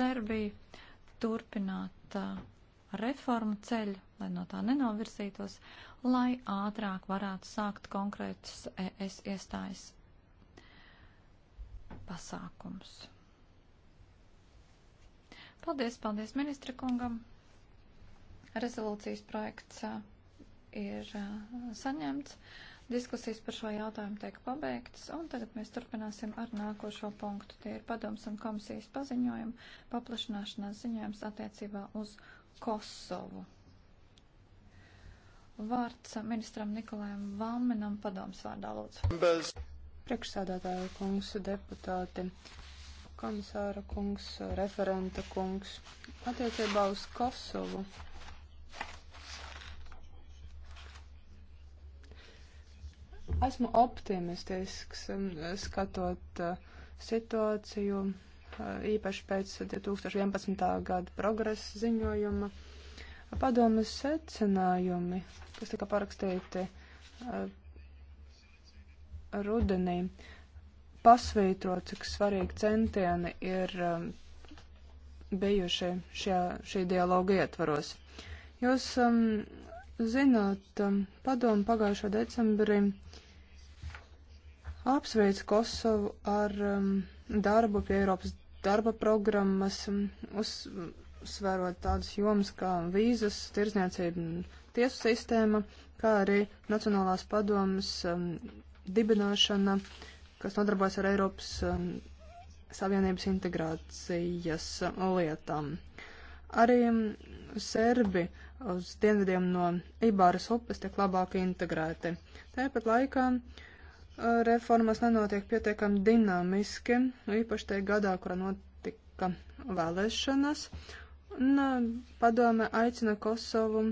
Serbiju turpināt uh, reformu ceļu, lai no tā nenovirzītos, lai ātrāk varētu sākt konkrētus ES iestājas pasākums. Paldies, paldies ministra kungam. Rezolūcijas projekts uh, ir uh, saņemts. Diskusijas par šo jautājumu tiek pabeigtas, un tagad mēs turpināsim ar nākošo punktu. Tie ir padoms un komisijas paziņojumi, paplašanāšanās ziņojums attiecībā uz Kosovu. Vārds ministram Nikolajam Valmenam padoms vārdā lūdzu. Bez. Priekšsādātāja kungs, deputāti, komisāra kungs, referenta kungs. Attiecībā uz Kosovu Esmu optimistisks, um, skatot uh, situāciju, uh, īpaši pēc 2011. gada progresa ziņojuma. Padomas secinājumi, kas tika parakstīti uh, rudenī, pasvītro, cik svarīgi centieni ir um, bijuši šajā, šī dialoga ietvaros. Jūs um, zināt, um, padomu pagājušo decembrī uh, apsveic Kosovu ar um, darbu pie Eiropas darba programmas, um, uzsverot tādas jomas kā vīzas, tirzniecība un tiesu sistēma, kā arī Nacionālās padomas um, dibināšana, kas nodarbojas ar Eiropas um, Savienības integrācijas um, lietām. Arī um, serbi uz dienvidiem no Ibāras upes tiek labāk integrēti. Tāpat laikā uh, reformas nenotiek pietiekami dinamiski, īpaši tajā gadā, kurā notika vēlēšanas. Un padome aicina Kosovu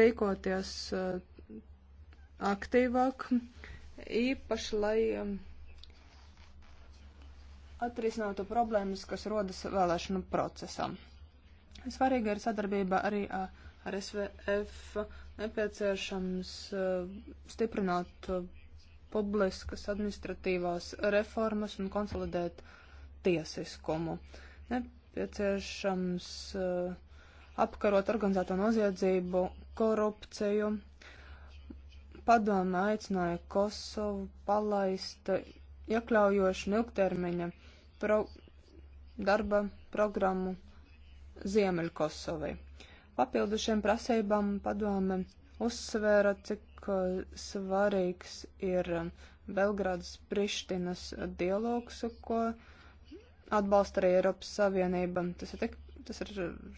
rīkoties aktīvāk, īpaši lai atrisinātu problēmas, kas rodas vēlēšanu procesā. Svarīga ir sadarbība arī ar SVF, nepieciešams stiprināt publiskas administratīvās reformas un konsolidēt tiesiskumu. Nepieciešams uh, apkarot organizēto noziedzību, korupciju. Padoma aicināja Kosovu palaist iekļaujošu ilgtermiņa pro darba programmu Ziemeļkosovai. Papildu šiem prasībām padome uzsvēra, cik cik svarīgs ir um, Belgrādas Prištinas dialogs, ko atbalsta arī Eiropas Savienība. Tas ir, tik, tas ir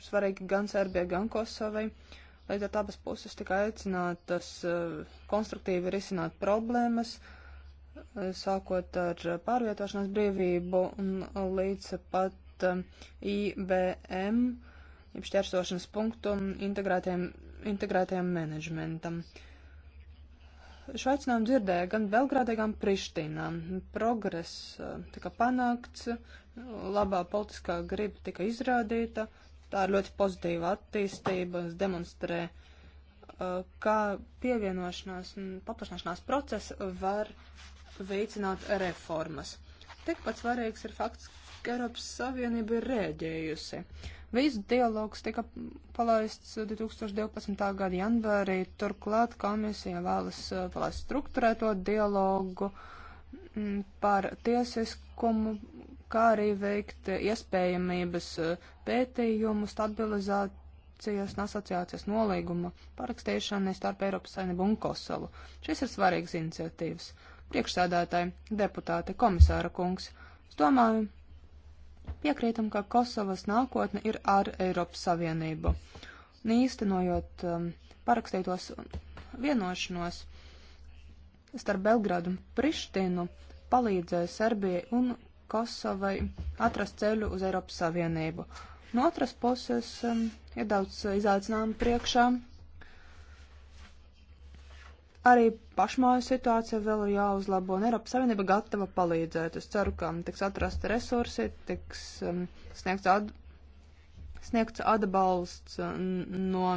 svarīgi gan Serbijai, gan Kosovai. Līdz ar tādas puses tika aicinātas uh, konstruktīvi risināt problēmas, uh, sākot ar pārvietošanās brīvību un līdz pat IBM, um, jeb šķērsošanas punktu integrētajam, integrētajam menedžmentam. Uh, Šo aicinājumu dzirdēju gan Belgrādē, gan Prištīnā. Progress eh, tika panākts, labā politiskā griba tika izrādīta. Tā ir ļoti pozitīva attīstība, demonstrē, eh, kā pievienošanās un paplašināšanās process var veicināt reformas. Tikpat svarīgs ir fakts, ka Eiropas Savienība ir rēģējusi. Uh, Vīzu dialogs tika palaists 2012. gada janvārī, turklāt komisija vēlas eh, palaist struktūrēto dialogu mm, par tiesiskumu, kā arī veikt iespējamības eh, pētījumu, stabilizēt asociācijas un asociācijas nolīguma parakstīšanai starp Eiropas Savienību un Kosovu. Šis ir svarīgs iniciatīvas. Priekšsēdētāji, deputāti, komisāra kungs, es domāju, Piekrītam, ka Kosovas nākotne ir ar Eiropas Savienību. Nīstenojot um, parakstītos vienošanos starp Belgrādu un Prištinu, palīdzēja Serbijai un Kosovai atrast ceļu uz Eiropas Savienību. No otras puses um, ir daudz izaicinājumu priekšā Arī pašmāju situācija vēl ir jāuzlabo, un Eiropas Savienība gatava palīdzēt. Es ceru, ka um, tiks atrasti resursi, tiks um, sniegts, ad, sniegts atbalsts um, no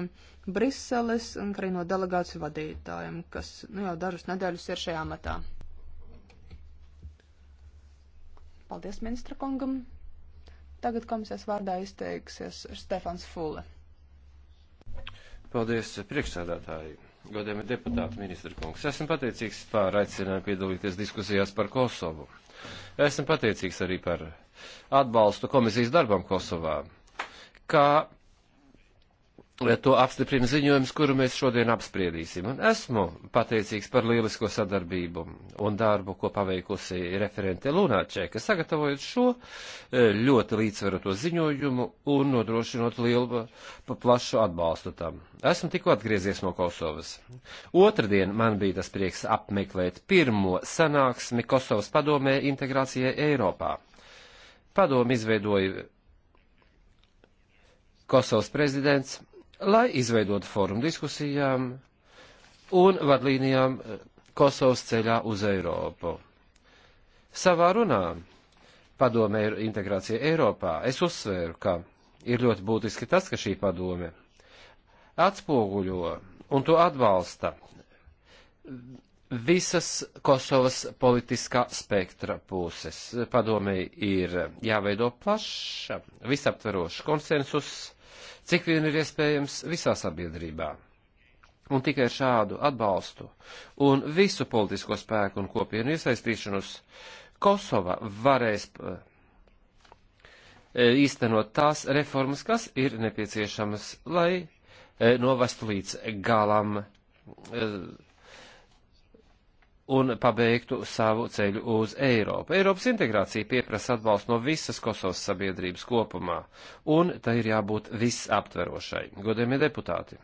Briseles un arī no delegāciju vadītājiem, kas nu, jau dažas nedēļas ir šajā matā. Paldies ministra kungam. Tagad komisijas vārdā izteiksies Stefans Fule. Paldies priekšsēdētāji godējumi deputāti, ministra kungs. Esmu pateicīgs par aicinājumu piedalīties diskusijās par Kosovu. Esmu pateicīgs arī par atbalstu komisijas darbam Kosovā, kā to apstiprina ziņojums, kuru mēs šodien apspriedīsim. Un esmu pateicīgs par lielisko sadarbību un darbu, ko paveikusi referente Lunāčēka, sagatavojot šo e, ļoti līdzsvaroto ziņojumu un nodrošinot lielu plašu atbalstu tam. Esmu tikko atgriezies no Kosovas. Otradien man bija tas prieks apmeklēt pirmo sanāksmi Kosovas padomē integrācijai Eiropā. Padomu izveidoja Kosovas prezidents lai izveidotu forumu diskusijām un vadlīnijām eh, Kosovas ceļā uz Eiropu. Savā runā padomē integrācija Eiropā es uzsvēru, ka ir ļoti būtiski tas, ka šī padome atspoguļo un to atbalsta visas Kosovas politiskā spektra puses. Padomei ir jāveido plaša, visaptverošs konsensus cik vien ir iespējams visā sabiedrībā. Un tikai šādu atbalstu un visu politisko spēku un kopienu iesaistīšanos Kosova varēs eh, eh, īstenot tās reformas, kas ir nepieciešamas, lai eh, novestu līdz galam un pabeigtu savu ceļu uz Eiropu. Eiropas integrācija pieprasa atbalstu no visas Kosovas sabiedrības kopumā, un tai ir jābūt visaptverošai. Godējumie deputāti!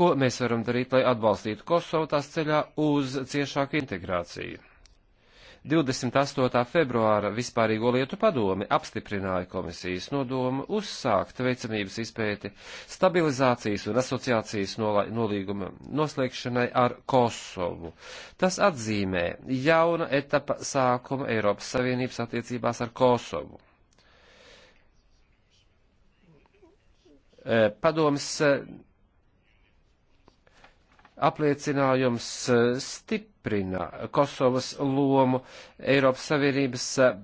Ko mēs varam darīt, lai atbalstītu Kosovu tās ceļā uz ciešāku integrāciju? 28. februāra vispārīgo lietu padomi apstiprināja komisijas nodomu uzsākt veicamības izpēti stabilizācijas un asociācijas nolīguma noslēgšanai ar Kosovu. Tas atzīmē jauna etapa sākuma Eiropas Savienības attiecībās ar Kosovu. Eh, Padoms eh, apliecinājums eh, stiprina Kosovas lomu Eiropas Savienības eh,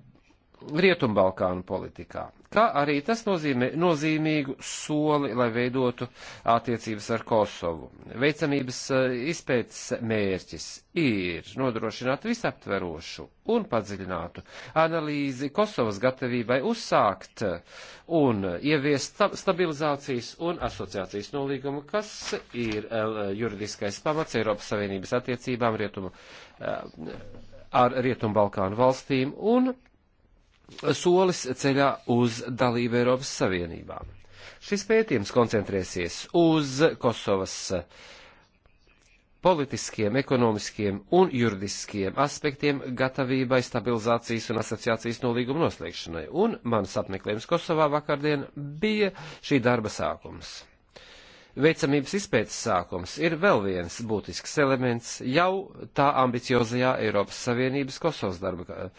Rietumbalkānu politikā, kā arī tas nozīmē nozīmīgu soli, lai veidotu attiecības ar Kosovu. Veicamības eh, izpētes mērķis ir nodrošināt visaptverošu un padziļinātu analīzi Kosovas gatavībai uzsākt un ieviest stabilizācijas un asociācijas nolīgumu, kas ir eh, juridiskais pamats Eiropas Savienības attiecībām rietumu, eh, ar Rietumbalkānu valstīm un solis ceļā uz dalību Eiropas Savienībā. Šis pētījums koncentrēsies uz Kosovas eh, politiskiem, ekonomiskiem un juridiskiem aspektiem gatavībai stabilizācijas un asociācijas nolīguma noslēgšanai, un mans apmeklējums Kosovā vakardien bija šī darba sākums veicamības izpētes sākums ir vēl viens būtisks elements jau tā ambiciozajā Eiropas Savienības Kosovas darba eh,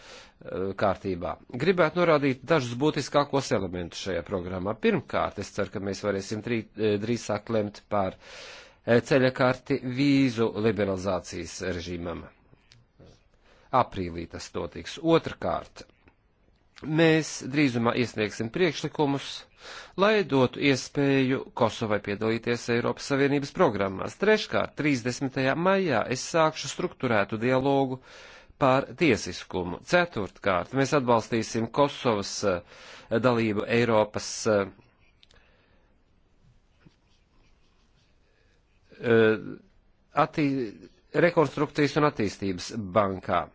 kārtībā. Gribētu norādīt dažus būtiskākos elementus šajā programmā. Pirmkārt, es ceru, ka mēs varēsim eh, drīzāk lemt par eh, ceļa karti vīzu liberalizācijas režīmam. Aprīlī tas notiks. Otrkārt, mēs drīzumā iesniegsim priekšlikumus, lai dotu iespēju Kosovai piedalīties Eiropas Savienības programmās. Treškārt, 30. maijā es sākšu struktūrētu dialogu par tiesiskumu. Ceturtkārt, mēs atbalstīsim Kosovas eh, dalību Eiropas eh, eh, attī, rekonstrukcijas un attīstības bankā.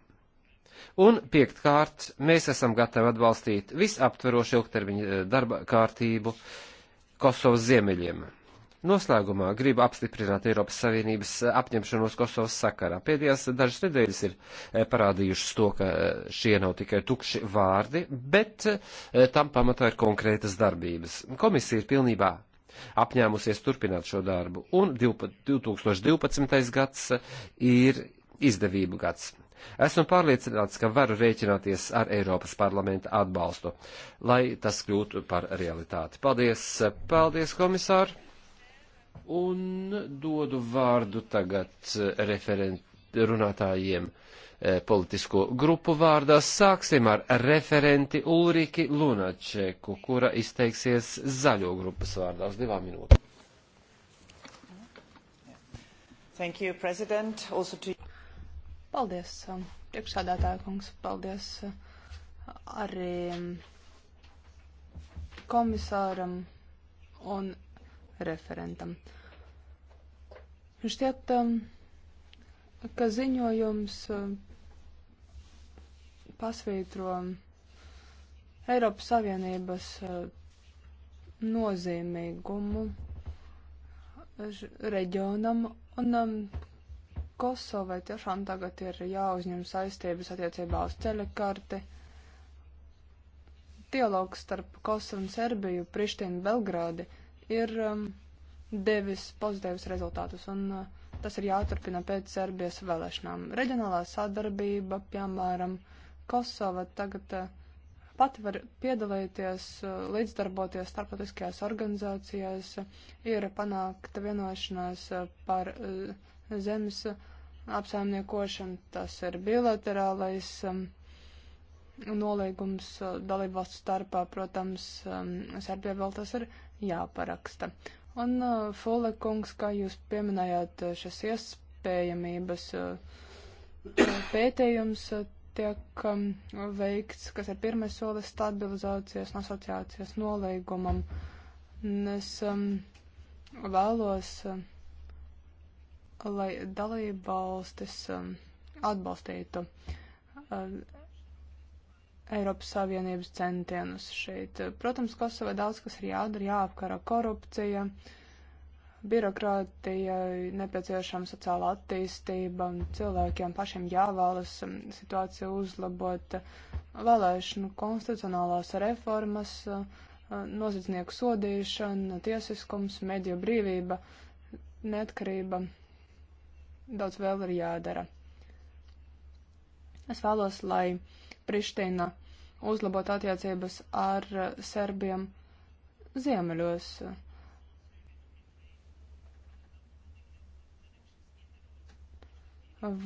Un piektkārt, mēs esam gatavi atbalstīt visaptverošu ilgtermiņa eh, darba kārtību Kosovas ziemeļiem. Noslēgumā gribu apstiprināt Eiropas Savienības eh, apņemšanos Kosovas sakarā. Pēdējās dažas nedēļas ir eh, parādījušas to, ka šie nav tikai tukši vārdi, bet tam pamatā ir konkrētas darbības. Komisija ir pilnībā apņēmusies turpināt šo darbu, un 2012. gads ir izdevību gads. Esmu pārliecināts, ka varu rēķināties ar Eiropas parlamenta atbalstu, lai tas kļūtu par realitāti. Paldies, paldies, komisār! Un dodu vārdu tagad eh, referent, runātājiem eh, politisko grupu vārdā. Sāksim ar referenti Ulriki Lunačeku, kura izteiksies zaļo grupas vārdā uz divām minūtēm. Thank you, President. Also to you. Paldies, um, priekšsādātāja kungs, paldies uh, arī um, komisāram un referentam. Šķiet, um, ka ziņojums pasvītro Eiropas Savienības uh, nozīmīgumu uh, reģionam un Kosovai tiešām tagad ir jāuzņem saistības attiecībā uz ceļakarti. Dialogs starp Kosovu un Serbiju, Prištinu, Belgrādi ir um, devis pozitīvus rezultātus, un uh, tas ir jāturpina pēc Serbijas vēlēšanām. Reģionālā sadarbība, piemēram, Kosova tagad uh, pati var piedalīties, uh, līdzdarboties starptautiskajās organizācijās, uh, ir panākta vienošanās uh, par. Uh, zemes apsaimniekošana, tas ir bilaterālais um, nolīgums uh, dalībvalstu starpā, protams, um, Serbijai vēl tas ir jāparaksta. Un uh, Fule kungs, kā jūs pieminējāt, uh, šis iespējamības uh, pētījums uh, tiek um, veikts, kas ir pirmais solis stabilizācijas un asociācijas nolīgumam. Un es um, vēlos. Uh, lai dalība valstis um, atbalstītu uh, Eiropas Savienības centienus šeit. Protams, Kosovā daudz kas ir jādara, jāapkara korupcija, birokrātija, nepieciešama sociāla attīstība, cilvēkiem pašiem jāvēlas um, situāciju uzlabot, vēlēšanu konstitucionālās reformas, uh, noziedznieku sodīšana, tiesiskums, mediju brīvība, neatkarība daudz vēl ir jādara. Es vēlos, lai Priština uzlabot attiecības ar uh, serbiem ziemeļos.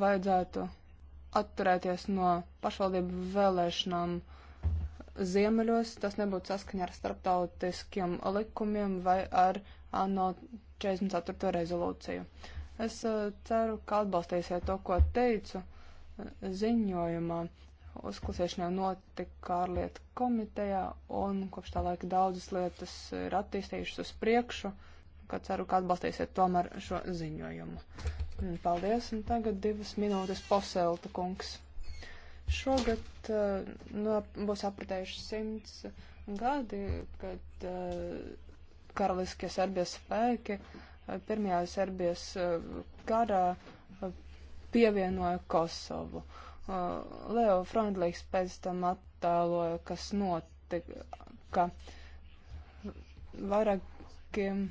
Vajadzētu atturēties no pašvaldību vēlēšanām ziemeļos. Tas nebūtu saskaņā ar starptautiskiem likumiem vai ar ANO 44. rezolūciju. Uh, Es uh, ceru, ka atbalstīsiet to, ko teicu uh, ziņojumā. Uzklausīšanā notika ārlietu komitejā, un kopš tā laika daudzas lietas ir attīstījušas uz priekšu, ka ceru, ka atbalstīsiet tomēr šo ziņojumu. Mm, paldies, un tagad divas minūtes poselta kungs. Šogad nu, būs apritējuši simts gadi, kad karaliskie Serbijas spēki uh, pirmajā Serbijas karā eh, eh, pievienoja Kosovu. Eh, Leo Freundlīgs pēc tam attēloja, kas notika, ka vairākiem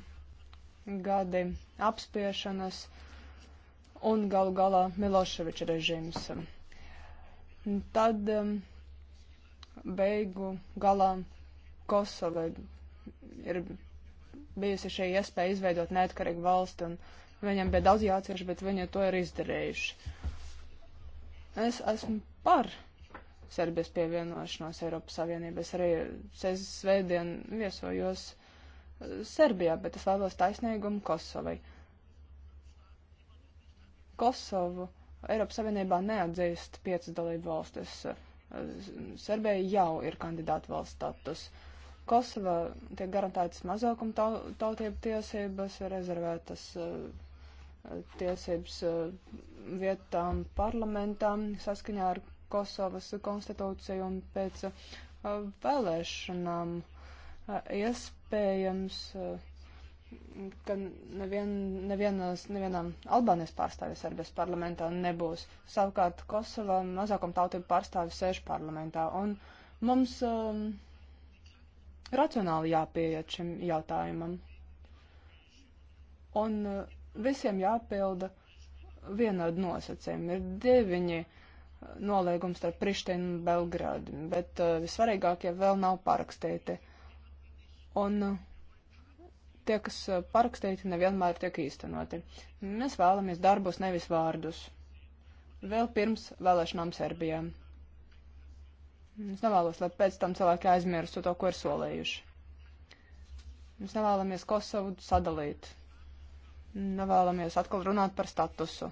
gadi apspiešanas un galu galā Miloševiča režīms. Tad beigu galā Kosova ir bijusi šī iespēja izveidot neatkarīgu valsti, un viņiem bija daudz jācieš, bet viņi to ir izdarījuši. Es esmu par Serbijas pievienošanos Eiropas Savienības. Arī es svētdien viesojos uh, Serbijā, bet es vēlos taisnīgumu Kosovai. Kosovu Eiropas Savienībā neatzīst piecas dalību valstis. Uh, Serbija jau ir kandidāta valsts status. Uh, Kosovā tiek garantētas mazākuma tautību tiesības, ir rezervētas eh, tiesības eh, vietām parlamentām saskaņā ar Kosovas konstitūciju un pēc eh, vēlēšanām iespējams, ka nevien, nevienas, nevienam Albānijas pārstāvis Serbijas parlamentā nebūs. Savukārt Kosovā mazākuma tautību pārstāvis sēž parlamentā. Un mums um, racionāli jāpieiet šim jautājumam. Un uh, visiem jāpilda vienādi nosacījumi. Ir deviņi uh, nolīgums starp Prištinu un Belgrādu, bet uh, visvarīgākie vēl nav parakstīti. Un uh, tie, kas uh, parakstīti, nevienmēr tiek īstenoti. Mēs vēlamies darbus, nevis vārdus. Vēl pirms vēlēšanām Serbijām. Mm, es nevēlos, lai pēc tam cilvēki aizmirstu to, ko ir solījuši. Mēs nevēlamies Kosovu sadalīt. Nevēlamies atkal runāt par statusu.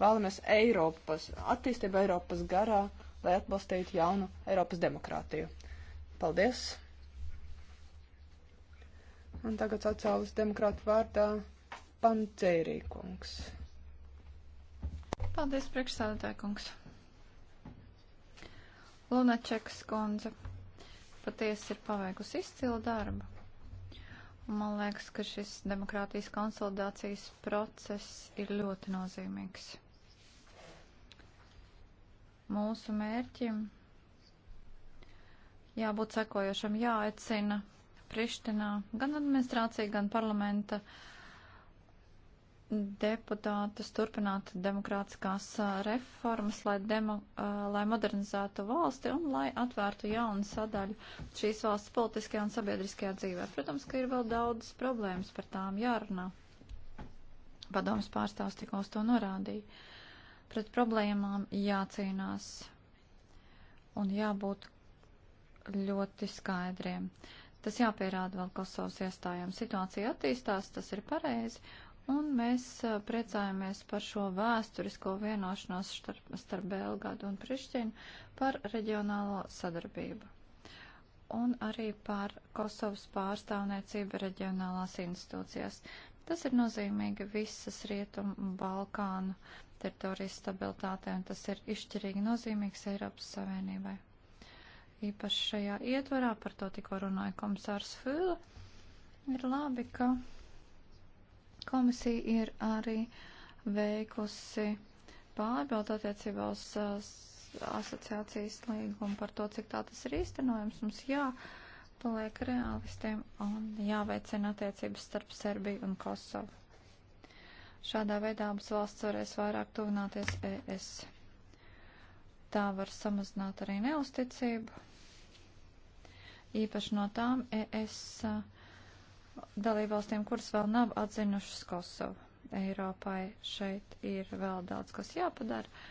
Vēlamies Eiropas, attīstību Eiropas garā, lai atbalstītu jaunu Eiropas demokrātiju. Paldies! Un tagad sociālas demokrāta vārdā Pancērī kungs. Paldies, priekšsādātāja kungs. Lunačekas kundze patiesi ir paveikusi izcilu darbu. Un man liekas, ka šis demokrātijas konsolidācijas process ir ļoti nozīmīgs. Mūsu mērķim jābūt sekojošam jāaicina Prištinā gan administrācija, gan parlamenta uh, deputātus turpināt demokrātiskās reformas, lai, demo, lai modernizētu valsti un lai atvērtu jaunu sadaļu šīs valsts politiskajā un sabiedriskajā dzīvē. Protams, ka ir vēl daudz problēmas par tām jārunā. Padomas pārstāvs tikko uz to norādīja. Pret problēmām jācīnās un jābūt ļoti skaidriem. Tas jāpierāda vēl Kosovas iestājām. Situācija attīstās, tas ir pareizi Un mēs priecājamies par šo vēsturisko vienošanos starp, starp Belgādu un Prišķinu par reģionālo sadarbību. Un arī par Kosovas pārstāvniecību reģionālās institūcijās. Tas ir nozīmīgi visas Rietumu Balkānu teritorijas stabilitātei, un tas ir izšķirīgi nozīmīgs Eiropas Savienībai. Īpaši šajā ietvarā, par to tikko runāja komisārs Fūla, ir labi, ka Komisija ir arī veikusi pārbaudu attiecībā uz asociācijas līgumu par to, cik tā tas ir īstenojams. Mums jāpaliek realistiem un jāveicina attiecības starp Serbiju un Kosovu. Šādā veidā abas valsts varēs vairāk tuvināties ES. Tā var samazināt arī neusticību. Īpaši no tām ES. Uh, dalībvalstīm, kuras vēl nav atzinušas Kosovu. Eiropai šeit ir vēl daudz, kas jāpadara,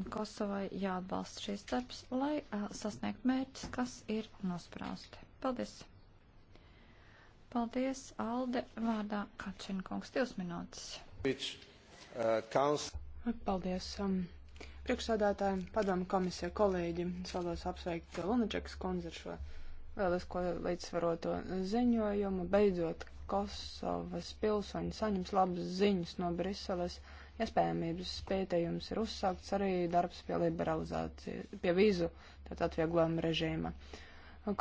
un Kosovai jāatbalsta šīs darbs, lai uh, sasniegt mērķis, kas ir nosprausti. Paldies! Paldies, Alde, vārdā Kačinkungs, divas minūtes. Which, uh, counts... Paldies. Um, priekšsādātājiem, padomu komisija kolēģi, es vēlos apsveikt Lunačekas kundzi ar šo lielisko līdzsvaroto ziņojumu. Beidzot, Kosovas pilsoņi saņems labas ziņas no Briseles. Iespējamības pētījums ir uzsākts arī darbs pie liberalizācijas, pie vīzu, tātad atvieglojuma režīma.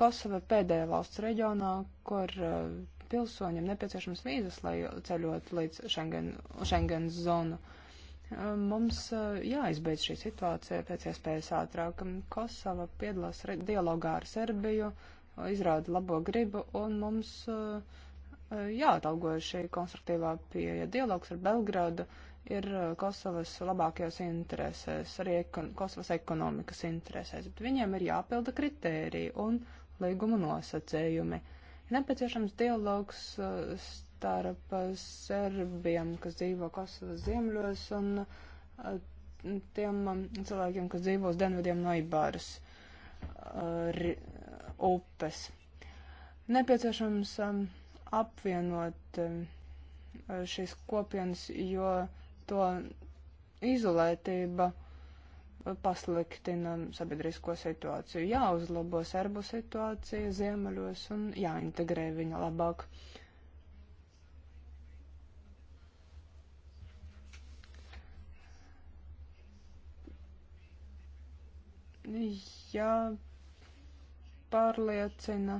Kosova pēdējā valsts reģionā, kur uh, pilsoņiem nepieciešams vīzas, lai ceļot līdz Schengen, Schengen zonu. Uh, mums uh, jāizbeidz šī situācija pēc iespējas ātrāk. Kosova piedalās dialogā ar Serbiju, izrāda labo gribu un mums uh, uh, jāatalgo šī konstruktīvā pieeja. Dialogs ar Belgrādu ir uh, Kosovas labākajos interesēs, arī ekon Kosovas ekonomikas interesēs, bet viņiem ir jāpilda kritēriji un līguma nosacējumi. Ir nepieciešams dialogs starp serbiem, kas dzīvo Kosovas ziemļos, un tiem um, cilvēkiem, kas dzīvo uz denvidiem no Ibāras upes. Nepieciešams um, apvienot um, šīs kopienas, jo to izolētība pasliktina sabiedrisko situāciju. Jāuzlabo serbu situācija ziemeļos un jāintegrē viņa labāk. Jā. Ja jāpārliecina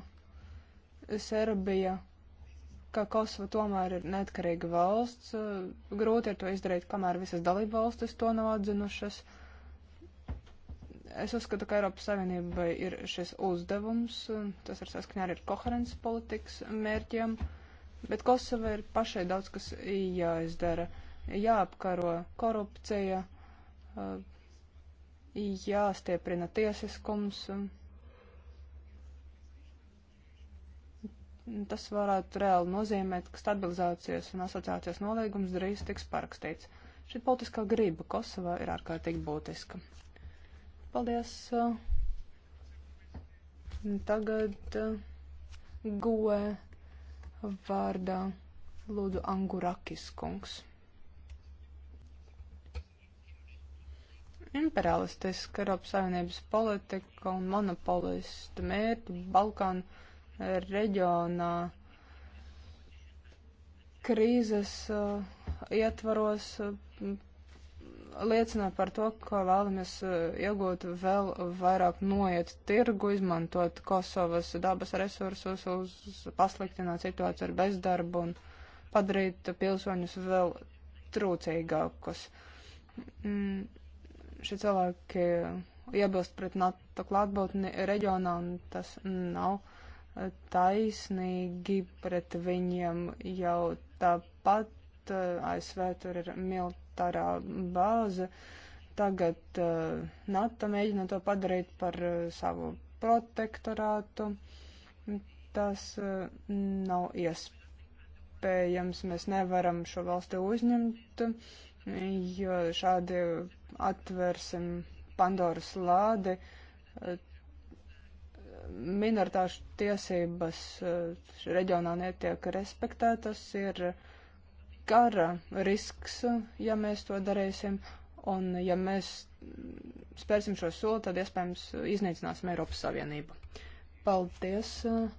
Serbija, ka Kosova tomēr ir neatkarīga valsts. Grūti ir to izdarīt, kamēr visas dalība valstis to nav atzinušas. Es uzskatu, ka Eiropas Savienībai ir šis uzdevums, tas ir saskaņā arī ar koherences politikas mērķiem, bet Kosova ir pašai daudz kas jāizdara, jāapkaro korupcija, jāstieprina tiesiskums. Un, tas varētu reāli nozīmēt, ka stabilizācijas un asociācijas nolīgums drīz tiks parakstīts. Šī politiskā grība Kosovā ir ārkārtīgi būtiska. Paldies! Uh, tagad uh, goe vārdā lūdzu Angurakis kungs. Imperialistiska Eiropas Savienības politika un monopolista mērķi Balkānu reģionā krīzes uh, ietvaros uh, liecina par to, ka vēlamies uh, iegūt vēl vairāk noiet tirgu, izmantot Kosovas dabas resursus, uz pasliktināt situāciju ar bezdarbu un padarīt pilsoņus vēl trūcīgākus. Mm, šie cilvēki iebilst pret NATO klātbūtni reģionā, un tas nav taisnīgi pret viņiem jau tāpat eh, ASV tur ir militārā bāze. Tagad uh, NATO mēģina to padarīt par uh, savu protektorātu. Tas uh, nav iespējams. Mēs nevaram šo valsti uzņemt, jo šādi atversim Pandoras lādi. Uh, minoritāšu tiesības eh, reģionā netiek respektētas, ir kara risks, ja mēs to darīsim, un ja mēs spērsim šo soli, tad iespējams iznīcināsim Eiropas Savienību. Paldies! Eh,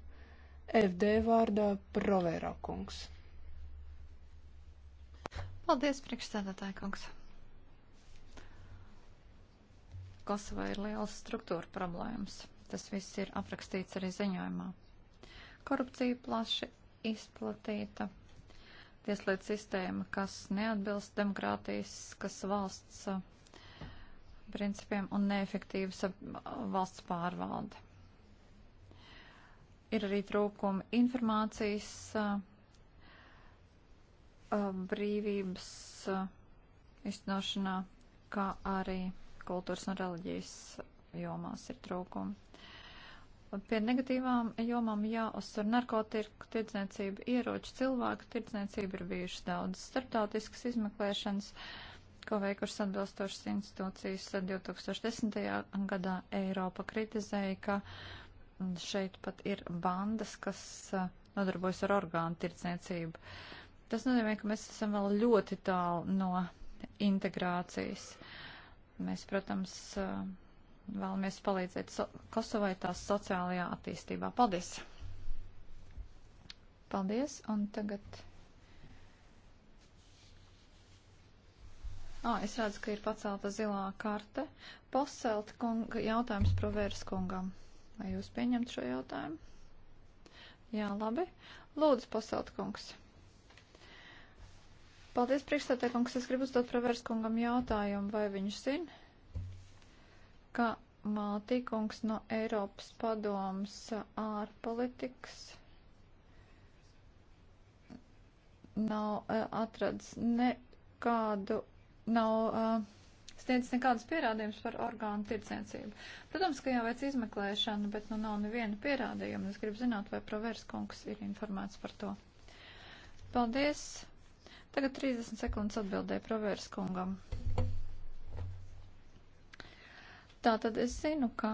FD vārdā Provērā kungs. Paldies, priekšstādātāja kungs. Kosovai ir liels struktūra problēmas. Tas viss ir aprakstīts arī ziņojumā. Korupcija plaši izplatīta. Tieslietu sistēma, kas neatbilst demokrātijas, kas valsts principiem un neefektīvas valsts pārvalde. Ir arī trūkumi informācijas brīvības iznošanā, kā arī kultūras un reliģijas jomās ir trūkumi. Pie negatīvām jomām jāuzsver narkotiku tirdzniecība, ieroču cilvēku tirdzniecība ir bijušas daudz starptautiskas izmeklēšanas, ko veikušas atbilstošas institūcijas 2010. gadā Eiropa kritizēja, ka šeit pat ir bandas, kas nodarbojas ar orgānu tirdzniecību. Tas nozīmē, ka mēs esam vēl ļoti tālu no integrācijas. Mēs, protams, vēlamies palīdzēt so Kosovai tās sociālajā attīstībā. Paldies! Paldies, un tagad. Ah, es redzu, ka ir pacelta zilā karte. Poselt kunga, jautājums provērs kungam. Vai jūs pieņemt šo jautājumu? Jā, labi. Lūdzu, poselt kungs. Paldies, priekšstādē kungs. Es gribu uzdot provērs kungam jautājumu, vai viņš zina, ka Mātīkungs no Eiropas padomas ārpolitikas nav eh, atradis nekādu, nav uh, sniedzis nekādus pierādījumus par orgānu tirdzniecību. Protams, ka jāveic izmeklēšana, bet nu nav neviena pierādījuma. Es gribu zināt, vai Provērs kungs ir informēts par to. Paldies! Tagad 30 sekundes atbildēja Provērs kungam. Tā tad es zinu, ka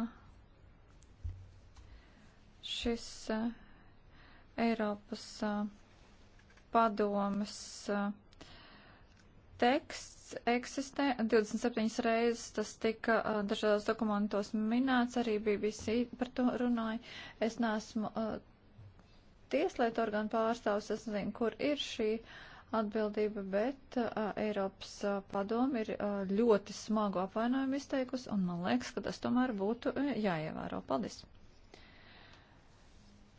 šis uh, Eiropas uh, padomes uh, teksts eksistē. 27 reizes tas tika uh, dažādos dokumentos minēts, arī BBC par to runāja. Es neesmu uh, tieslietu orgānu pārstāvs, es zinu, kur ir šī. Uh, atbildība, bet uh, Eiropas uh, padomi ir uh, ļoti smagu apvainojumu izteikusi, un man liekas, ka tas tomēr būtu uh, jāievēro. Paldies!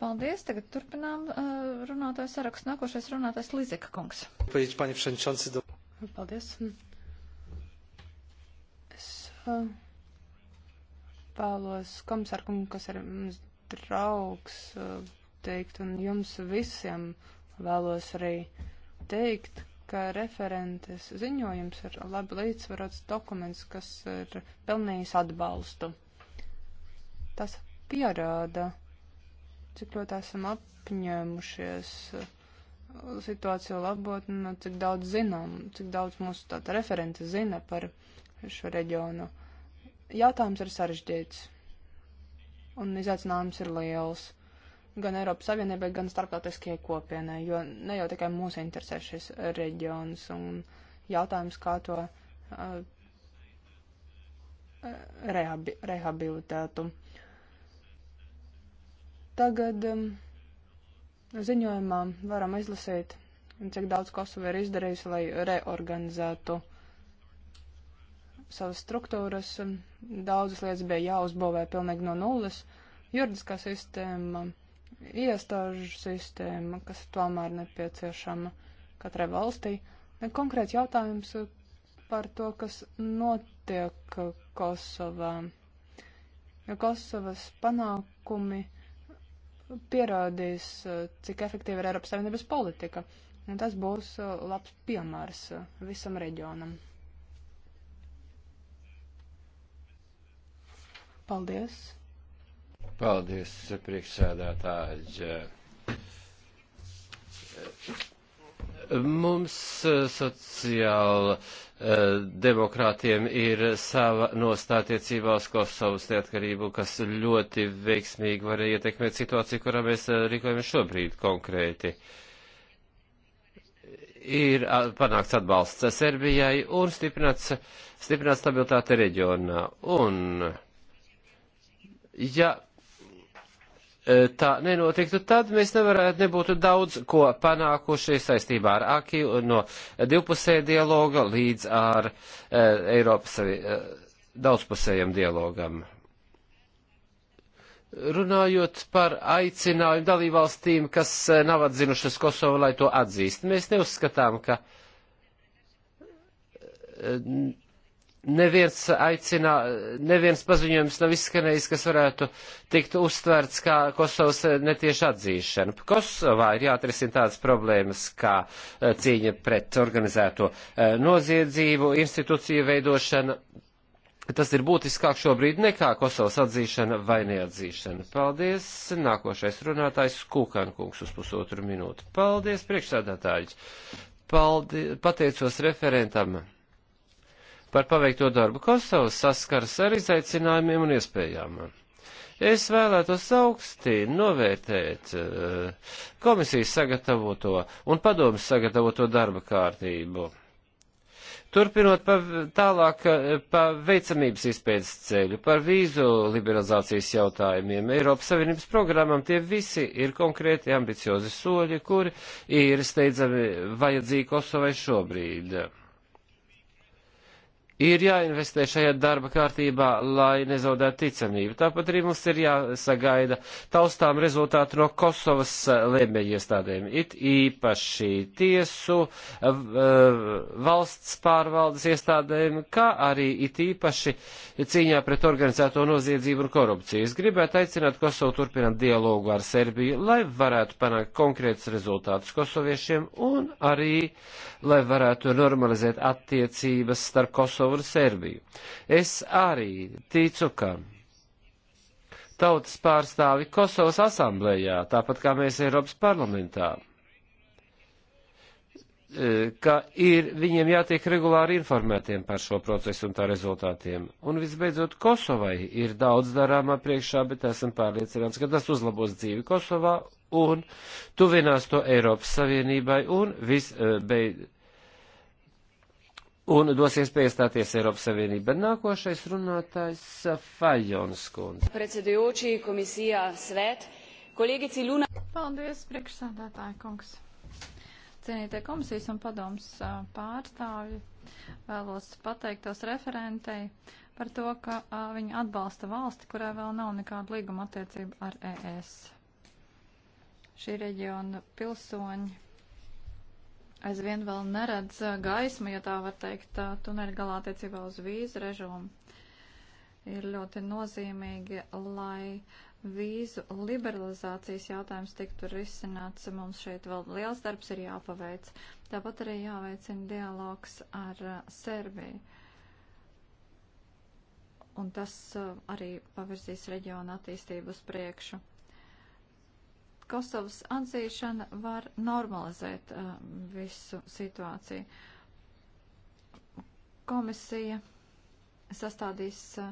Paldies, tagad turpinām uh, runātāju sarakstu. Nākošais runātājs Lizika kungs. Paldies. Es uh, vēlos komisārkumu, kas ir mums draugs, uh, teikt, un jums visiem vēlos arī uh, teikt, ka referentes ziņojums ir labi līdzsvarots dokuments, kas ir pelnījis atbalstu. Tas pierāda, cik ļoti esam apņēmušies situāciju labot un cik daudz zinām, cik daudz mūsu tāda referente zina par šo reģionu. Jātājums ir sarežģīts un izaicinājums ir liels gan Eiropas Savienībai, gan starptautiskajai kopienai, jo ne jau tikai mūs interesē šis reģions un jautājums, kā to uh, rehabi rehabilitētu. Tagad um, ziņojumā varam izlasīt, cik daudz Kosova ir izdarījusi, lai reorganizētu savas struktūras. Daudzas lietas bija jāuzbūvē pilnīgi no nulles. Juridiskā sistēma. Um, iestāžu sistēma, kas tomēr nepieciešama katrai valstī. Konkrēts jautājums uh, par to, kas notiek uh, Kosovā. Jo Kosovas panākumi pierādīs, uh, cik efektīva ir Eiropas Savienības politika. Un tas būs labs piemērs visam reģionam. Paldies! Paldies, priekšsēdētāji. Mums eh, sociāla eh, demokrātiem ir sava nostātiecībā uz Kosovas neatkarību, kas ļoti veiksmīgi var ietekmēt situāciju, kurā mēs eh, rīkojamies šobrīd konkrēti. Ir panākts atbalsts Serbijai un stiprināts, stiprināts stabilitāte reģionā. Un, ja E, tā nenotiktu, tad mēs nevarētu nebūtu daudz ko panākuši saistībā ar AKI no divpusēja dialoga līdz ar e, Eiropas e, daudzpusējam dialogam. Runājot par aicinājumu dalībvalstīm, kas nav atzinušas Kosovu, lai to atzīst, mēs neuzskatām, ka neviens aicinā, neviens paziņojums nav izskanējis, kas varētu tikt uztverts kā Kosovas netieša atzīšana. Kosovā ir jāatrisina tādas problēmas kā eh, cīņa pret organizēto eh, noziedzību, institūciju veidošana. Tas ir būtiskāk šobrīd nekā Kosovas atzīšana vai neatzīšana. Paldies. Nākošais runātājs Kūkankungs uz pusotru minūtu. Paldies, priekšsādātāji. Paldies, pateicos referentam par paveikto darbu. Kosovas saskaras ar izaicinājumiem un iespējām. Es vēlētos augstī novērtēt eh, komisijas sagatavoto un padomas sagatavoto darba kārtību. Turpinot pa, tālāk eh, pa veicamības izpētes ceļu, par vīzu liberalizācijas jautājumiem, Eiropas Savienības programmam tie visi ir konkrēti ambiciozi soļi, kuri ir steidzami vajadzīgi Kosovai šobrīd ir jāinvestē šajā darba kārtībā, lai nezaudētu ticamību. Tāpat arī mums ir jāsagaida taustām rezultātu no Kosovas eh, lēmēju iestādēm. It īpaši tiesu, eh, valsts pārvaldes iestādēm, kā arī it īpaši cīņā pret organizēto noziedzību un korupciju. Es gribētu aicināt Kosovu turpināt dialogu ar Serbiju, lai varētu panākt konkrētus rezultātus kosoviešiem un arī, lai varētu normalizēt attiecības starp Kosovu cauri Serbiju. Es arī ticu, ka tautas pārstāvi Kosovas asamblējā, tāpat kā mēs Eiropas parlamentā, e, ka ir viņiem jātiek regulāri informētiem par šo procesu un tā rezultātiem. Un visbeidzot, Kosovai ir daudz darāmā priekšā, bet esam pārliecināts, ka tas uzlabos dzīvi Kosovā un tuvinās to Eiropas Savienībai un visbeidzot un dos iespēju stāties Eiropas Savienībā. Nākošais runātājs eh, Fajons Kundze. Precedujoči komisijā svēt. Kolēģici Luna. Paldies, priekšsādātāja kungs. Cienītie komisijas un padoms eh, pārstāvji, vēlos pateiktos referentei par to, ka eh, viņi atbalsta valsti, kurai vēl nav nekāda līguma attiecība ar ES. Šī reģiona pilsoņi aizvien vēl neredz uh, gaismu, ja tā var teikt, uh, tuneļa galā attiecībā uz vīzu režīmu. Ir ļoti nozīmīgi, lai vīzu liberalizācijas jautājums tiktu risināts. Mums šeit vēl liels darbs ir jāpaveic. Tāpat arī jāveicina dialogs ar uh, Serbiju. Un tas arī pavirzīs reģionu attīstību uz priekšu. Kosovas atzīšana var normalizēt uh, visu situāciju. Komisija sastādīs uh,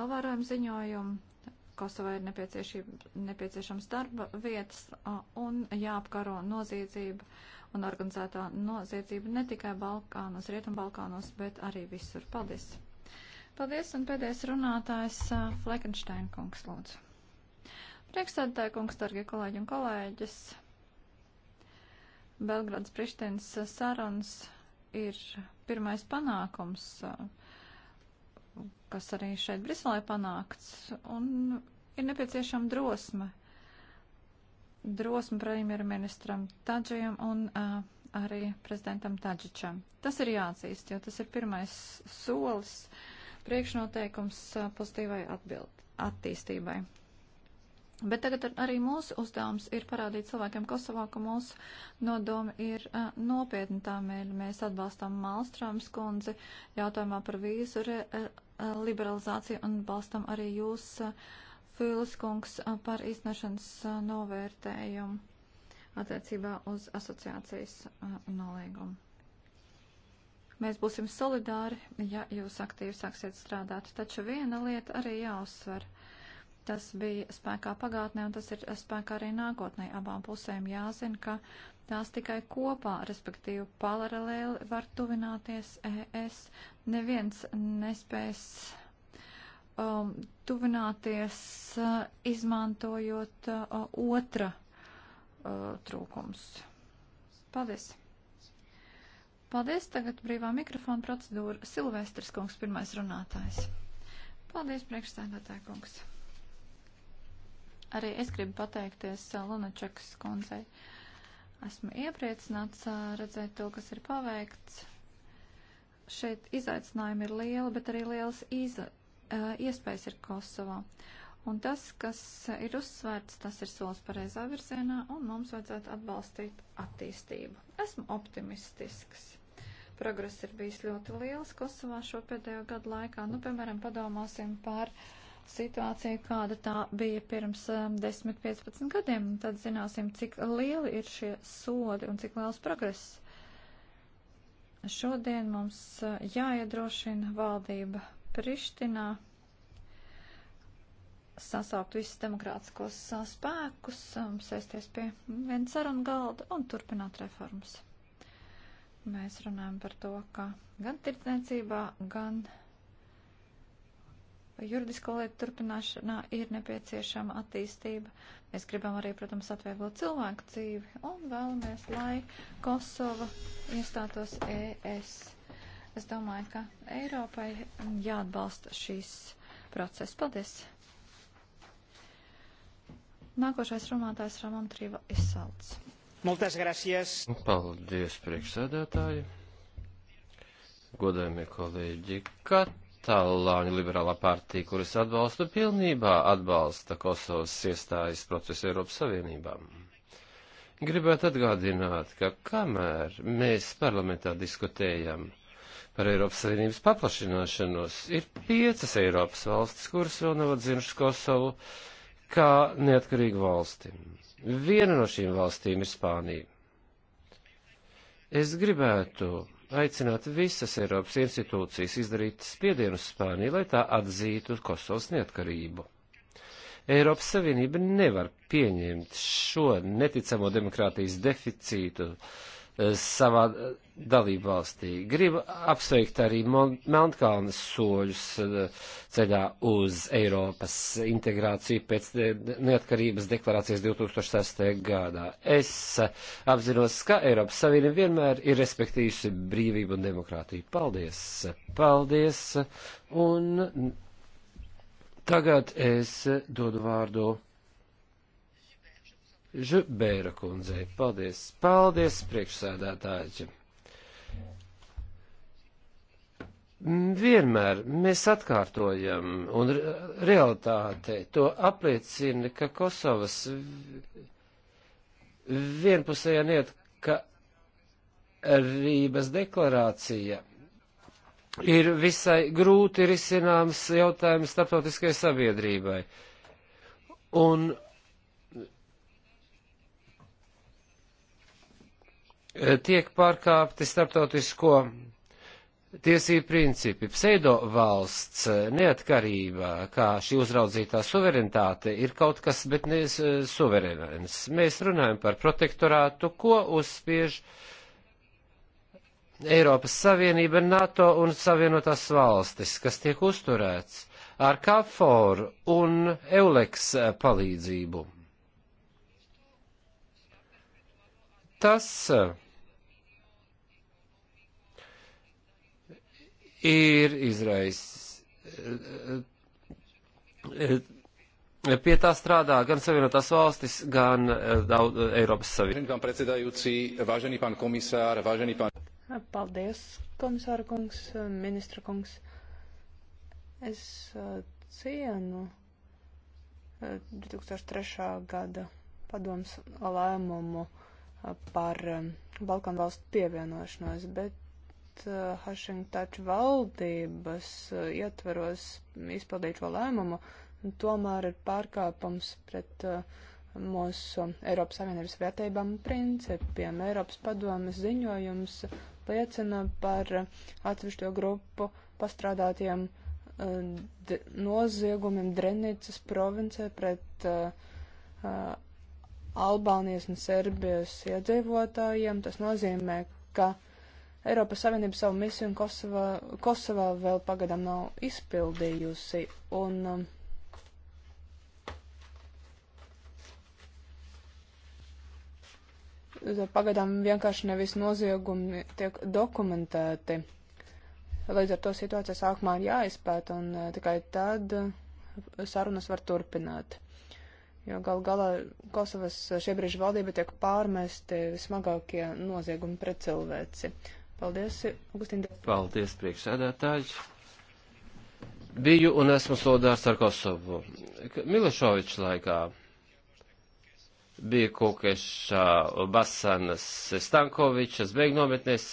novērojumu ziņojumu. Kosovai ir nepieciešams darba vietas uh, un jāapkaro noziedzība un organizētā noziedzība ne tikai Balkānos, Rietumbalkānos, bet arī visur. Paldies! Paldies, un pēdējais runātājs uh, Flekenšteina kungs, lūdzu. Priekšstādātāja kungs, dargie kolēģi un kolēģis, Belgradas Prištins sarunas ir pirmais panākums, kas arī šeit Briselē panākts, un ir nepieciešama drosme. Drosme premjerministram Tadžijam un uh, arī prezidentam Tadžičam. Tas ir jāatzīst, jo tas ir pirmais solis, priekšnoteikums uh, pozitīvai atbild, attīstībai. Bet tagad ar, arī mūsu uzdevums ir parādīt cilvēkiem Kosovā, ka mūsu nodomi ir uh, nopietni tā mēļi. Mēs atbalstam Malstrāms kundzi jautājumā par vīzu re, uh, liberalizāciju un balstam arī jūs, uh, Fīlis kungs, uh, par iznešanas uh, novērtējumu attiecībā uz asociācijas uh, nolīgumu. Mēs būsim solidāri, ja jūs aktīvi sāksiet strādāt, taču viena lieta arī jāuzsver. Uh, Tas bija spēkā pagātnē un tas ir spēkā arī nākotnē. Abām pusēm jāzina, ka tās tikai kopā, respektīvi paralēli var tuvināties ES. Neviens nespēs um, tuvināties, uh, izmantojot uh, otra uh, trūkums. Paldies! Paldies! Tagad brīvā mikrofona procedūra. Silvestris kungs, pirmais runātājs. Paldies, priekšstādātāja kungs! Arī es gribu pateikties eh, Lunačakas kundzei. Esmu iepriecināts eh, redzēt to, kas ir paveikts. Šeit izaicinājumi ir lieli, bet arī lielas iza, eh, iespējas ir Kosovā. Un tas, kas ir uzsvērts, tas ir solis pareizā virzienā, un mums vajadzētu atbalstīt attīstību. Esmu optimistisks. Progress ir bijis ļoti liels Kosovā šo pēdējo gadu laikā. Nu, piemēram, padomāsim par uh, situācija, kāda tā bija pirms 10-15 um, gadiem, un tad zināsim, cik lieli ir šie sodi un cik liels progress. Šodien mums uh, jāiedrošina valdība Prištinā sasaukt visus demokrātiskos uh, spēkus, um, sēsties pie viena saruna galda un turpināt reformas. Mēs runājam par to, ka gan tirdzniecībā, gan juridisko lietu turpināšanā ir nepieciešama attīstība. Mēs gribam arī, protams, atvieglot cilvēku dzīvi un vēlamies, lai Kosova iestātos ES. Es domāju, ka Eiropai jāatbalsta šīs procesi. Paldies! Nākošais runātājs Ramon Trīva izsalts. Multas gracias! Paldies, priekšsēdētāji! Godājumie kolēģi, kad Katalāņu liberālā partija, kuras atbalstu pilnībā atbalsta Kosovas iestājas procesu Eiropas Savienībām. Gribētu atgādināt, ka kamēr mēs parlamentā diskutējam par Eiropas Savienības paplašināšanos, ir piecas Eiropas valstis, kuras vēl nav atzinušas Kosovu kā neatkarīgu valsti. Viena no šīm valstīm ir Spānija. Es gribētu aicināt visas Eiropas institūcijas izdarīt spiedienu uz Spāniju, lai tā atzītu Kosovas neatkarību. Eiropas Savienība nevar pieņemt šo neticamo demokrātijas deficītu uh, Eh, savā eh, dalību valstī. Gribu apsveikt arī Melnkalnes soļus eh, ceļā uz Eiropas integrāciju pēc neatkarības deklarācijas 2006. gadā. Es apzinos, ka Eiropas Savienība vienmēr ir respektījusi brīvību un demokrātiju. Paldies! Paldies! Un tagad es dodu vārdu Žbēra kundzei. Paldies, paldies, priekšsēdētāji. Vienmēr mēs atkārtojam, un realitāte to apliecina, ka Kosovas vienpusējā neatkarības deklarācija ir visai grūti risināms jautājums starptautiskajai sabiedrībai. Un tiek pārkāpti starptautisko tiesību principi. Pseido valsts eh, neatkarība, kā šī uzraudzītā suverenitāte, ir kaut kas, bet ne eh, suverēns. Mēs runājam par protektorātu, ko uzspiež Eiropas Savienība, NATO un Savienotās valstis, kas tiek uzturēts ar KFOR un EULEX eh, palīdzību. Tas uh, ir izraisa. Pie tā strādā gan Savienotās valstis, gan e, daudz e, Eiropas Savienība. Paldies, komisāra kungs, ministra kungs. Es e, cienu 2003. gada padoms lēmumu par Balkanu valstu pievienošanos, bet Eh, Hašingtaču valdības eh, ietveros izpildīt šo lēmumu, tomēr ir pārkāpums pret eh, mūsu Eiropas Savienības vērtībām un principiem. Eiropas padomes ziņojums liecina par atsevišķo grupu pastrādātiem noziegumiem Drenicas provincē pret Albānijas un Serbijas iedzīvotājiem. Tas nozīmē, ka Eiropas Savienība savu misiju Kosovā, Kosovā vēl pagadām nav izpildījusi. Un, um, Pagaidām vienkārši nevis noziegumi tiek dokumentēti. Līdz ar to situācija sākumā ir jāizpēta, un uh, tikai tad uh, sarunas var turpināt. Jo gal galā Kosovas uh, šie brīži valdība tiek pārmesti vismagākie noziegumi pret cilvēci. Paldies, Augustīna. Paldies, priekšsēdētāji. Biju un esmu slodārs ar Kosovu. Milošovičs laikā bija Kukeša, Basanas, Stankovičas, Beignometnes.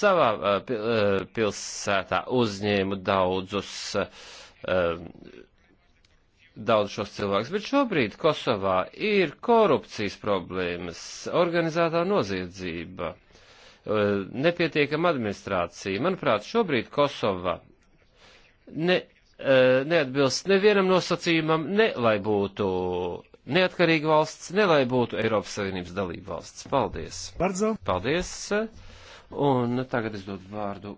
Savā pilsētā uzņēmu daudzus, daudz šos cilvēkus, bet šobrīd Kosovā ir korupcijas problēmas, organizētā noziedzība Eh, nepietiekama administrācija. Manuprāt, šobrīd Kosova ne, eh, neatbilst nevienam nosacījumam, ne lai būtu neatkarīga valsts, ne lai būtu Eiropas Savienības dalība valsts. Paldies! Bardzo. Paldies! Un tagad es dodu vārdu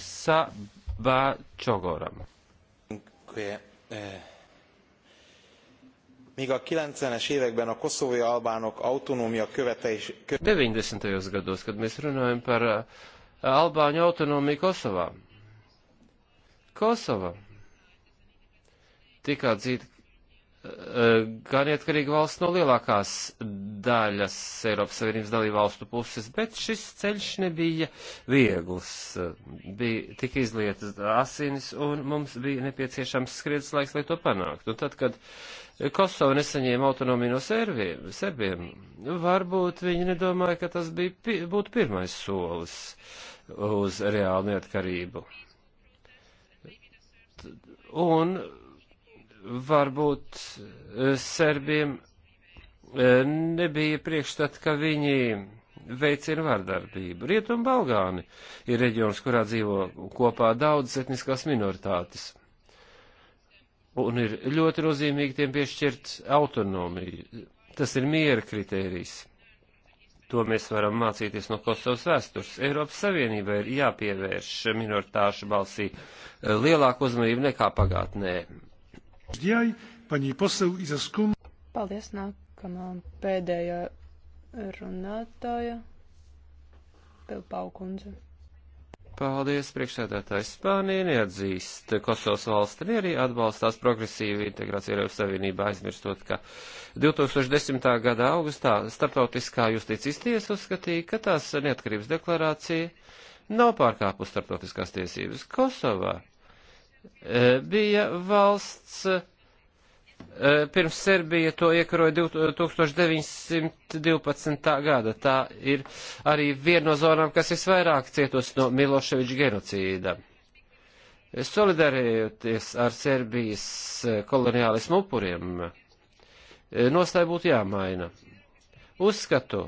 Sabā Čogoram. Dziękuję. E, mg a ninety es években a koszovói albánok autonómia követelés. 90. gados, kad mēs runājam par eh, albāņu autonomiju Kosovā. Kosova tika atzīta gan ietkarīga valsts no lielākās daļas Eiropas Savienības dalību valstu puses, bet šis ceļš nebija viegls. Bija tik izlietas asinis, un mums bija nepieciešams skriedzes laiks, lai to panāktu. Un tad, kad Kosova nesaņēma autonomiju no serviem, serbiem, varbūt viņi nedomāja, ka tas bija, būtu pirmais solis uz reālu neatkarību. Un varbūt eh, serbiem eh, nebija priekšstat, ka viņi veicina vardarbību. Rietum Balgāni ir reģions, kurā dzīvo kopā daudz etniskās minoritātes. Un ir ļoti nozīmīgi tiem piešķirt autonomiju. Tas ir miera kritērijs. To mēs varam mācīties no Kosovas vēstures. Eiropas Savienībai ir jāpievērš minoritāšu balsī eh, lielāku uzmanību nekā pagātnē. Paldies, nākamā pēdējā runātāja, Pilpau kundze. Paldies, priekšsēdētājs Spānija neatzīst Kosovas valsti un arī atbalstās progresīvu integrāciju Eiropas Savienībā, aizmirstot, ka 2010. gada augustā starptautiskā justīcijas tiesa uzskatīja, ka tās neatkarības deklarācija nav pārkāpus starptautiskās tiesības Kosovā Eh, bija valsts, eh, pirms Serbija to iekaroja 1912. Eh, gada. Tā ir arī viena no zonām, kas visvairāk cietusi no Miloševiča genocīda. Solidarējoties ar Serbijas koloniālismu upuriem, nostāja būtu jāmaina. Uzskatu,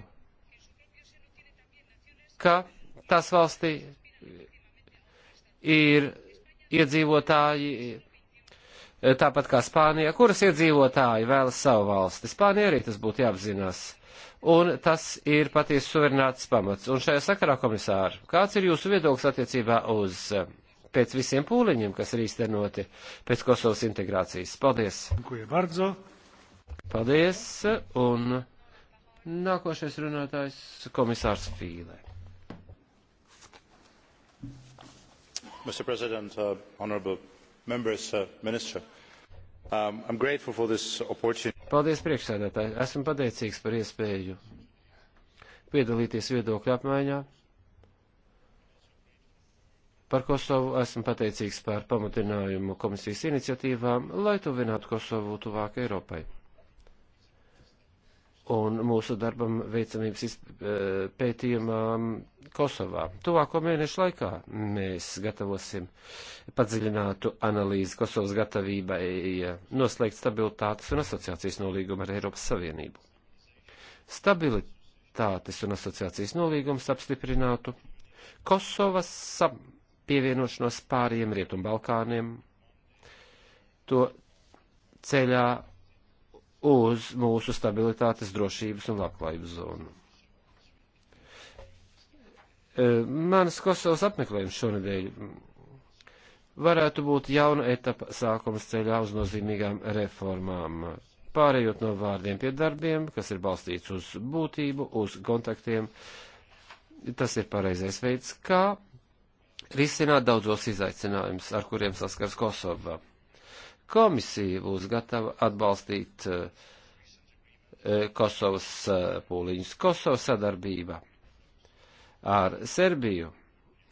ka tās valstī ir iedzīvotāji, tāpat kā Spānijā, kuras iedzīvotāji vēlas savu valsti. Spānijā arī tas būtu jāapzinās. Un tas ir patiesi suverināts pamats. Un šajā sakarā, komisāri, kāds ir jūsu viedoklis attiecībā uz pēc visiem pūliņiem, kas ir īstenoti pēc Kosovas integrācijas? Paldies! Paldies! Un nākošais runātājs komisārs Fīlē. mr president uh, honourable members uh, minister um, i am grateful for this opportunity. paldies priekšsēdētāji esmu pateicīgs par iespēju piedalīties viedokļu apmaiņā par Kosovu esmu pateicīgs par pamudinājumu komisijas iniciatīvām lai tuvinātu Kosovu tuvāk Eiropai un mūsu darbam veicamības eh, pētījumam Kosovā. Tuvāko mēnešu laikā mēs gatavosim padziļinātu analīzi Kosovas gatavībai noslēgt stabilitātes un asociācijas nolīgumu ar Eiropas Savienību. Stabilitātes un asociācijas nolīgums apstiprinātu Kosovas pievienošanos pāriem Rietumbalkāniem, to ceļā uz mūsu stabilitātes, drošības un labklājības zonu. Eh, manas Kosovas apmeklējums šonadēļ varētu būt jauna etapa sākums ceļā uz nozīmīgām reformām, pārējot no vārdiem pie darbiem, kas ir balstīts uz būtību, uz kontaktiem. Tas ir pareizais veids, kā risināt daudzos izaicinājumus, ar kuriem saskars Kosova. Komisija būs gatava atbalstīt eh, Kosovas eh, pūliņus, Kosovas sadarbība ar Serbiju,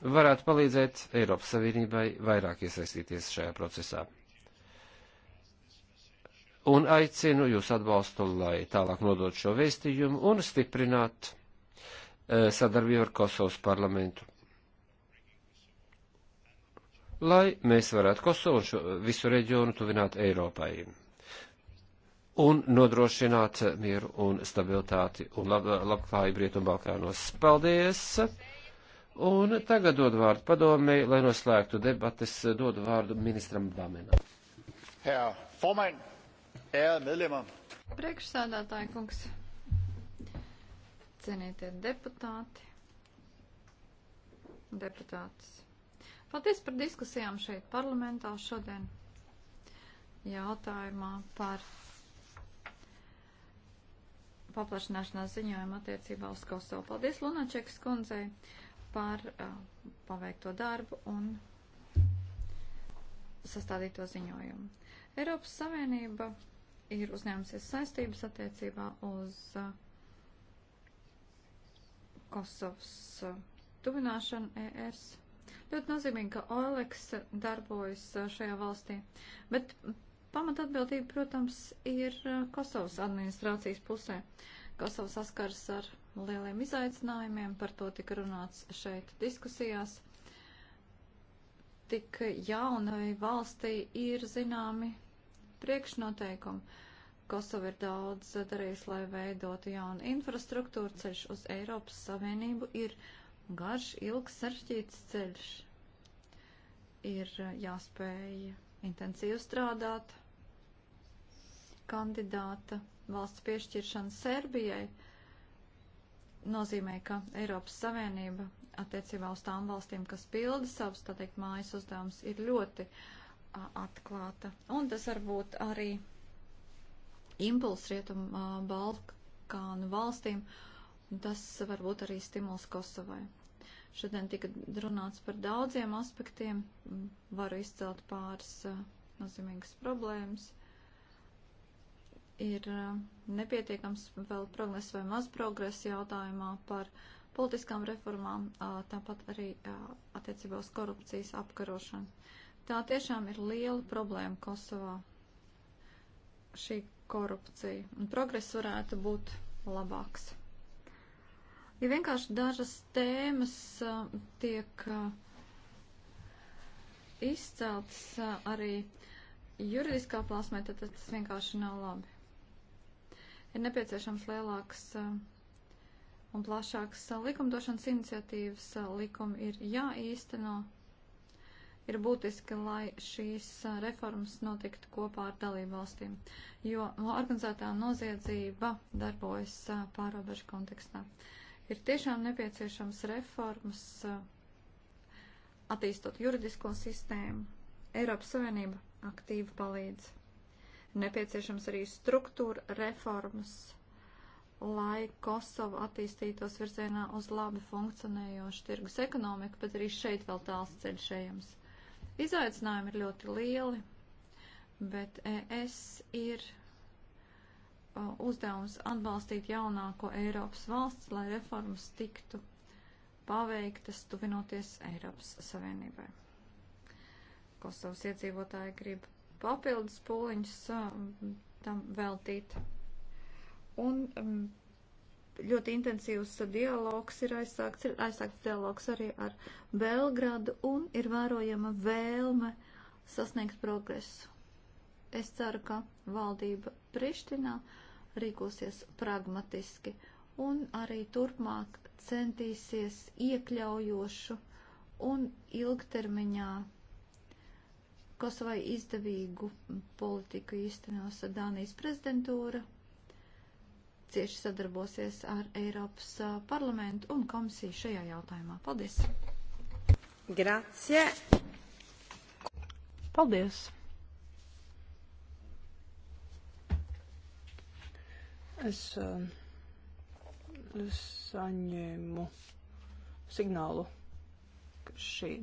varētu palīdzēt Eiropas Savienībai vairāk iesaistīties šajā procesā. Un aicinu jūs atbalstu, lai tālāk nodot šo vēstījumu un stiprināt e, sadarbību ar Kosovas parlamentu. Lai mēs varētu Kosovu un šo, visu reģionu tuvināt Eiropai un nodrošināt mieru un stabilitāti un lab, labklājību Rietumbalkānos. Paldies! Un tagad dod vārdu padomēji, lai noslēgtu debates, dod vārdu ministram Bamenam. Herr Formann, ærede medlemmer. Priekšsēdētāji kungs, cienītie deputāti, deputātis. Paldies par diskusijām šeit parlamentā šodien jautājumā par paplašināšanās ziņojumu attiecībā uz Kosovu. Paldies Lunačekas kundzei par uh, paveikto darbu un sastādīto ziņojumu. Eiropas Savienība ir uzņēmusies saistības attiecībā uz uh, Kosovas uh, tuvināšanu ES. Ļoti nozīmīgi, ka OLEX darbojas uh, šajā valstī, bet Pamat atbildība, protams, ir uh, Kosovas administrācijas pusē. Kosova saskars ar lieliem izaicinājumiem, par to tika runāts šeit diskusijās. Tik jaunai valstī ir zināmi priekšnoteikumi. Kosova ir daudz darījis, lai veidotu jaunu infrastruktūru. Ceļš uz Eiropas Savienību ir garš, ilgs, saržģīts ceļš. Ir uh, jāspēj intensīvi strādāt, kandidāta valsts piešķiršana Serbijai nozīmē, ka Eiropas Savienība attiecībā uz tām valstīm, kas pilda savus, tā teikt, mājas uzdevums, ir ļoti a, atklāta. Un tas varbūt arī impuls rietumu Balkānu valstīm, un tas varbūt arī stimuls Kosovai. Šodien tika runāts par daudziem aspektiem, varu izcelt pāris a, nozīmīgas problēmas ir nepietiekams vēl progress vai maz progress jautājumā par politiskām reformām, tāpat arī attiecībā uz korupcijas apkarošanu. Tā tiešām ir liela problēma Kosovā, šī korupcija, un progress varētu būt labāks. Ja vienkārši dažas tēmas tiek izceltas arī juridiskā plasmē, tad tas vienkārši nav labi ir nepieciešams lielāks eh, un plašāks eh, likumdošanas iniciatīvas. Eh, likumi ir jāīsteno. Ir būtiski, lai šīs reformas notiktu kopā ar dalību valstīm, jo nu, organizētā noziedzība darbojas pārobežu kontekstā. Ir tiešām nepieciešams reformas attīstot juridisko sistēmu. Eiropas Savienība aktīvi palīdz. Nepieciešams arī struktūra reformas, lai Kosova attīstītos virzienā uz labi funkcionējošu tirgus ekonomiku, bet arī šeit vēl tāls ceļš ejams. Izaicinājumi ir ļoti lieli, bet ES ir uzdevums atbalstīt jaunāko Eiropas valsts, lai reformas tiktu paveiktas, tuvinoties Eiropas Savienībai. Kosovas iedzīvotāji grib papildus pūliņus tam veltīt. Un um, ļoti intensīvs dialogs ir aizsākts, ir aizsākts dialogs arī ar Belgradu un ir vērojama vēlme sasniegt progresu. Es ceru, ka valdība Prištinā rīkosies pragmatiski un arī turpmāk centīsies iekļaujošu un ilgtermiņā Kosovai izdevīgu politiku īstenos Dānijas prezidentūra, cieši sadarbosies ar Eiropas parlamentu un komisiju šajā jautājumā. Paldies! Grazie! Paldies! Es, es saņēmu signālu, ka šī.